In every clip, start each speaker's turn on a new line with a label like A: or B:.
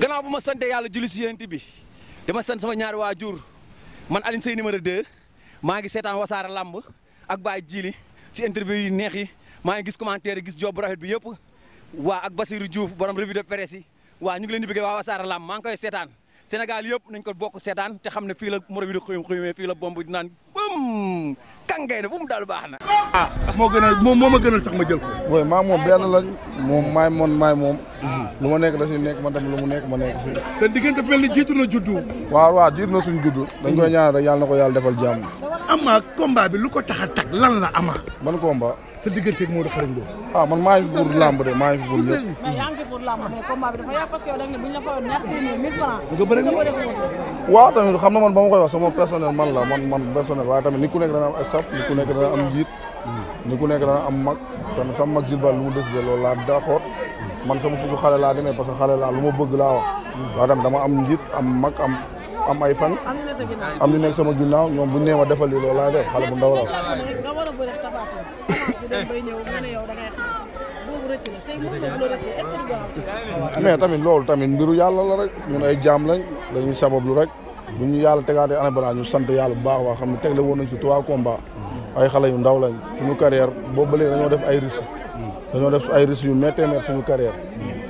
A: gannaaw ba ma sante yàlla julli si yéent bi dama sant sama ñaari waajur man Alioune Seye ma 2 maa ngi seetaan wasaara làmb ak Baye Djili ci interview yi neex yi maa ngi gis commentaire yi gis job bu bi yëpp waa ak Basirou Diouf borom revue de presse waa ñu ngi leen di bëgg waa wasaara lamb maa ngi koy seetaan Sénégal yëpp nañ ko bokk seetaan te xam ne fii la moro bi di xuyum xuyumee fii la bomb dinaan moom kàngay na bu daal baax na.
B: ah moo gënal moom moo ma gënal sax ma jël ko. oui maa moom benn lañ moom maay moom maay moom. lu ma nekk da si nekk man tam lu mu nekk ma nekk si. seen diggante mel ni jiitu na juddu. waaw waaw jiitu na suñu juddu. dañ koy ñaanal rek yàlla na ko yàlla defal jàmm. ama combat bi lu ko tax a tag lan la ama. man combat. sa digganteeg Modou Xarañ de ah man maa ngi fi pour lamb de maa ngi fi
A: pour lamb mais combat bi parce que yow da nga ne bu ñu
B: xam na man ba ma koy wax sama personnel man la man man personnel waaye tamit ni ku nekk dana am staff ni ku nekk dana am njiit. ni ku nekk dana am mag. tamit sama mag Gilbert lu mu décidé loolu laa d'accord. man sama fukki xale laa demee parce que xale laa lu ma bëgg laa wax. waaye tamit dama am njiit am mag am. am ay fan am lu nekk sama ginnaaw ñoom bu neew a defal loolu laa def xale bu ndaw la mais tamit loolu tamit mbiru yàlla la rek ñun ay jaam lañ dañuy sabablu rek bu ñu yàlla tegaatee année balaa ñu sant yàlla bu baax waa xam ne tegle woon nañ si trois combats ay xale yu ndaw lañ suñu carrière boobu ba léegi dañoo def ay risques dañoo def ay risques yu méttee métti suñu carrière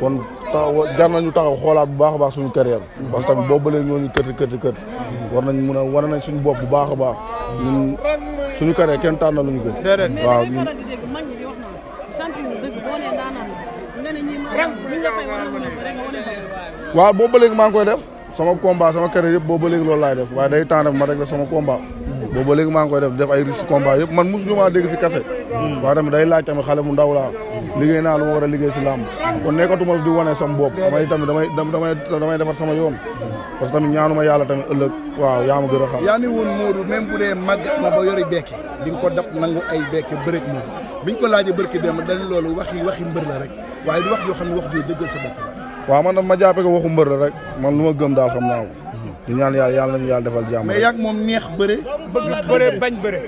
B: kon taxaw jar nañu taxaw xoolaat bu baax a baax suñu carrière mm-hmm. parce que tamit boo bëlee ñooñu kërti kërti kër war nañ mun a wane nañ suñu bopp bu baax a baax suñu carrière kenn tànn luñu ko waaw waaw boobu ba léegi maa ngi koy def sama combat sama carrière yëpp boobu ba léegi loolu laay def waaye day taan rek ma rek la sama combat booba léegi maa ngi koy def def ay risque combat yëpp man mosuñu maa dégg si kase waaye tamit day laaj tamit xale mu ndaw laa liggéey naa lu ma war a liggéey si làmb kon nekkatuma di wane sama bopp damay tamit damay damay damay defar sama yoon parce que tamit ñaanuma yàlla tamit ëllëg waaw yaa ma a xam yaa ni woon Modou même bu dee màggat na ba yori bekke di nga ko dab nangu ay bekke bërëg moom biñ ko laajee bërki dem dañ loolu waxi waxi mbër la rek waaye du wax joo xam wax joo dëggal waaw man daf ma jàppe ko waxu mbër la rek man lu ma gëm daal xam naa ko di ñaan yàlla yàlla nañu yàlla defal jàmm. mais moom neex bëre. bëgg bëre
A: bañ bëre.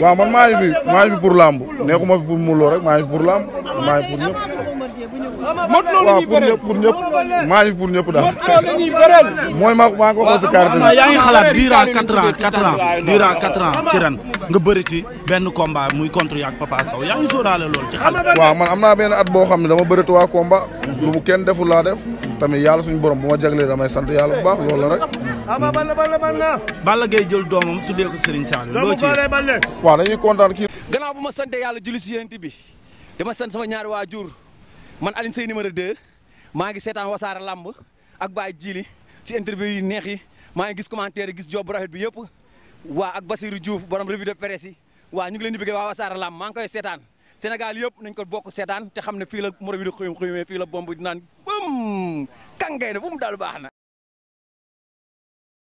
A: waaw man maa ngi fi maa ngi fi pour làmb neexuma
B: fi pour Modou Lo rek maa ngi fi pour làmb maa ngi
A: ma Lo la ñuy bëreel
B: waaw pour ñëpp pour ñëpp maa ngi pour ñëpp daal. Modou Lo la ñuy bëreel. mooy maa maa ngi waxoon si carte quatre ans quatre ans quatre ans ci ren nga bëri ci benn combat muy contre yaak Papa Sow yaa ngi sóoraale loolu man am naa benn at boo xam ne dama bëri trois combat lu mu kenn deful laa def. tamit yàlla suñu borom bu ma jaglee damay sant yàlla bu baax loolu la rek.
A: Balla Gaye jël doomam tuddee
B: ko Serigne Saliou loo ci. waaw dañuy kontaan kii.
A: gannaaw bu ma sante yàlla julli si yéent bi dama sant sama ñaari waajur man Alioune Seye numéro de maa ngi seetaan wasaare làmb ak Baye Djili ci interview neex yi maa ngi gis commentaire gis job bu rafet bi yëpp waa ak Basirou Diouf borom revue de presse yi waa ñu ngi leen di bëggee waa wasaare làmb maa ngi koy seetaan Sénégal yëpp nañ ko bokk seetaan te xam ne fii la moro bi di xuyum xuyumee fii la bomb di naan bam kàngay na bu mu daal baax na